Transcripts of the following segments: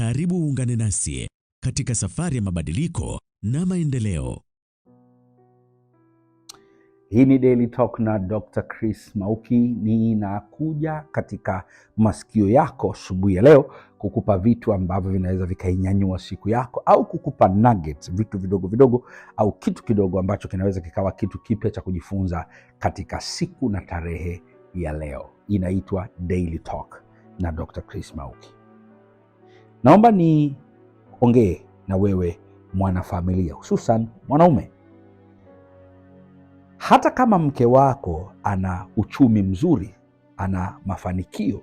Karibu uungane nasi katika safari ya mabadiliko na maendeleo. Hii ni Daily Talk na Dr. Chris Mauki. Ninakuja katika masikio yako asubuhi ya leo kukupa vitu ambavyo vinaweza vikainyanyua siku yako, au kukupa nuggets, vitu vidogo vidogo, au kitu kidogo ambacho kinaweza kikawa kitu kipya cha kujifunza katika siku na tarehe ya leo. Inaitwa Daily Talk na Dr. Chris Mauki. Naomba niongee na wewe mwanafamilia, hususan mwanaume. Hata kama mke wako ana uchumi mzuri, ana mafanikio,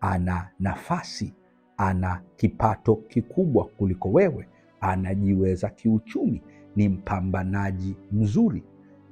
ana nafasi, ana kipato kikubwa kuliko wewe, anajiweza kiuchumi, ni mpambanaji mzuri,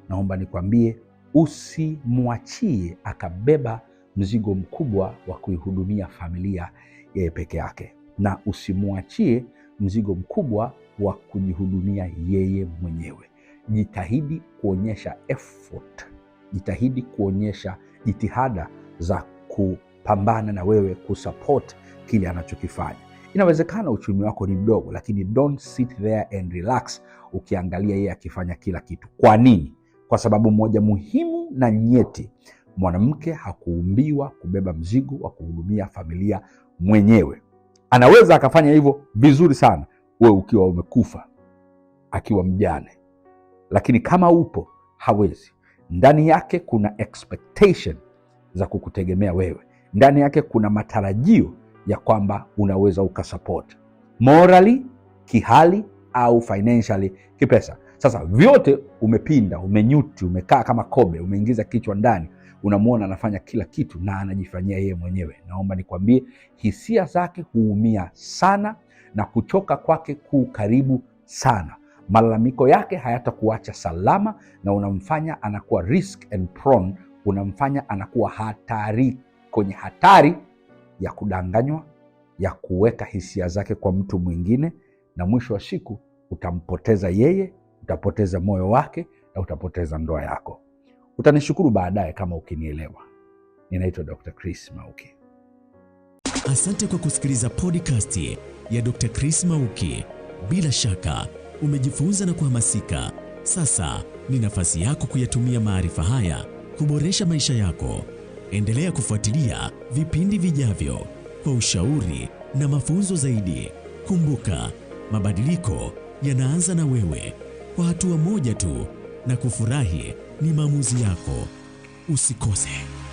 naomba nikwambie, usimwachie akabeba mzigo mkubwa wa kuihudumia familia yeye peke yake na usimwachie mzigo mkubwa wa kujihudumia yeye mwenyewe. Jitahidi kuonyesha effort, jitahidi kuonyesha jitihada za kupambana na wewe kusupport kile anachokifanya. Inawezekana uchumi wako ni mdogo, lakini don't sit there and relax ukiangalia yeye akifanya kila kitu. Kwa nini? Kwa sababu moja muhimu na nyeti, mwanamke hakuumbiwa kubeba mzigo wa kuhudumia familia mwenyewe. Anaweza akafanya hivyo vizuri sana, we ukiwa umekufa, akiwa mjane, lakini kama upo, hawezi. Ndani yake kuna expectation za kukutegemea wewe, ndani yake kuna matarajio ya kwamba unaweza ukasupport morally, kihali au financially, kipesa. Sasa vyote umepinda, umenyuti, umekaa kama kobe, umeingiza kichwa ndani, unamwona anafanya kila kitu na anajifanyia yeye mwenyewe. Naomba nikwambie, hisia zake huumia sana na kuchoka kwake kuu karibu sana. Malalamiko yake hayatakuacha salama, na unamfanya anakuwa risk and prone, unamfanya anakuwa hatari, kwenye hatari ya kudanganywa, ya kuweka hisia zake kwa mtu mwingine, na mwisho wa siku utampoteza yeye utapoteza moyo wake na utapoteza ndoa yako. Utanishukuru baadaye kama ukinielewa. Ninaitwa Dr. Chris Mauki. Asante kwa kusikiliza podcast ya Dr. Chris Mauki. Bila shaka umejifunza na kuhamasika. Sasa ni nafasi yako kuyatumia maarifa haya kuboresha maisha yako. Endelea kufuatilia vipindi vijavyo kwa ushauri na mafunzo zaidi. Kumbuka, mabadiliko yanaanza na wewe kwa hatua moja tu na kufurahi ni maamuzi yako. Usikose.